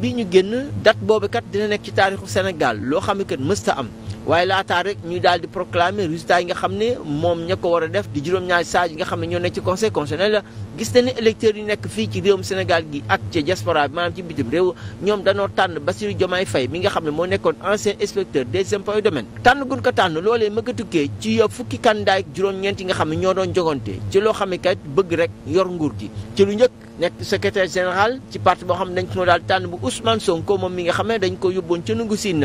bi ñu génn date boobu kat dina nekk ci taarixu Sénégal loo xam ne kat mësta am waaye laataa rek ñuy daal di résultat nga xam ne moom ña ko war a def di juróom-ñaari saa yi nga xam ne ñoo nekk ci conseil constitutionnel la gis na ne électeurs yi nekk fii ci réewum Sénégal gi ak ci diaspora bi maanaam ci bitim réew ñoom danoo tànn Bassirou Diomaye Faye mi nga xam ne moo nekkoon ancien inspecteur des impôts et domaines tànn gun ko tànn loolee mëgg tukkee ci xam ne ñoo doon jogante ci loo xam ne kat bëgg rek yor nguur gi Ousmane Sonko moom mi nga xam ne dañ ko yóbboon ca nungu siin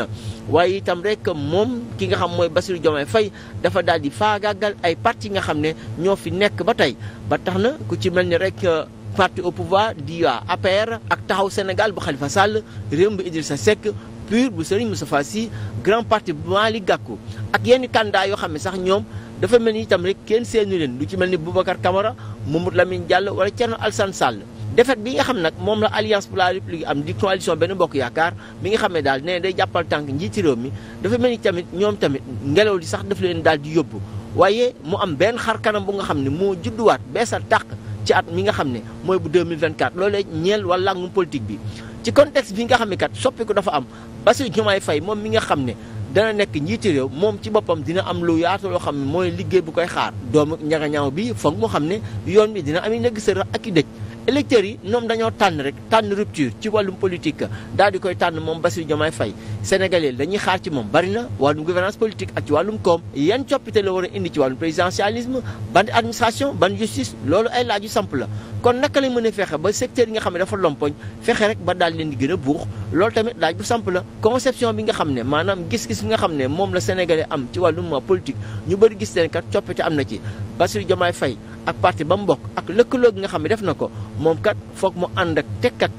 waaye itam rek moom ki nga xam mooy Bassirou Diomaye Faye dafa daal di faagaagal ay parti nga xam ne ñoo fi nekk ba tey ba tax na ku ci mel ni rek euh, parti au pouvoir di waa ak taxaw Sénégal bu xalifa sàll réew bu sa Seck PUR bu Serigne Moustapha si grand parti bu Malick Gakou ak yenn candidat yoo xam ne sax ñoom dafa mel ni itam rek kenn seenu leen lu ci mel ni Boubacar kamara Mamadou Lamine Diallo wala Thierno Alassane Sall defet bi nga xam nag moom la alliance lépp lu république am di coalition benn bokk yaakaar mi nga xam ne daal nee day jàppal tànk njiiti réew mi dafa mel ni tamit ñoom tamit ngelaw li sax daf leen daal di yóbbu waaye mu am benn xar kanam bu nga xam ne moo judduwaat beesal tàq ci at mi nga xam ne mooy bu 2024 loolee ñeel wala ngum politique bi ci contexte bi nga xam ne kat soppiku dafa am Bassirou Diomaye Faye moom mi nga xam ne dana nekk njiiti réew moom ci boppam dina am lu yaatu loo xam ne mooy liggéey bu koy xaar doomu njaga ñaaw bi foog mu xam ne yoon bi dina am nag ak i dëj électeurs yi ñoom dañoo tànn rek tànn rupture ci wàllum politique daal di koy tànn moom Bassirou Diomaye fay sénégalais dañuy xaar ci moom bari na wàllum gouvernance politique ak ci wàllum koom yan coppite la war a indi ci wàllum présidentialisme ban administration ban justice loolu ay laaj yu samp la kon naka lañ mën a fexe ba secteur yi nga xam ne dafa lompoñ fexe rek ba daal leen di gën a buux loolu tamit laaj bu samp la conception bi nga xam ne maanaam gis-gis bi nga xam ne moom la sénégalais am ci wàllum politique ñu bëri gis leen kat coppite am na ci Bassirou Diomaye Faye ak parti ba mu bokk ak lëkkaloo gi nga xam ne def na ko moom kat foog mu ànd ak tekk ak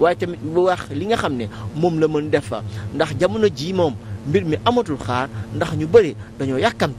waaye tamit bu wax li nga xam ne moom la mën def ndax jamono ji moom mbir mi amatul xaar ndax ñu bëri dañoo yàkkamti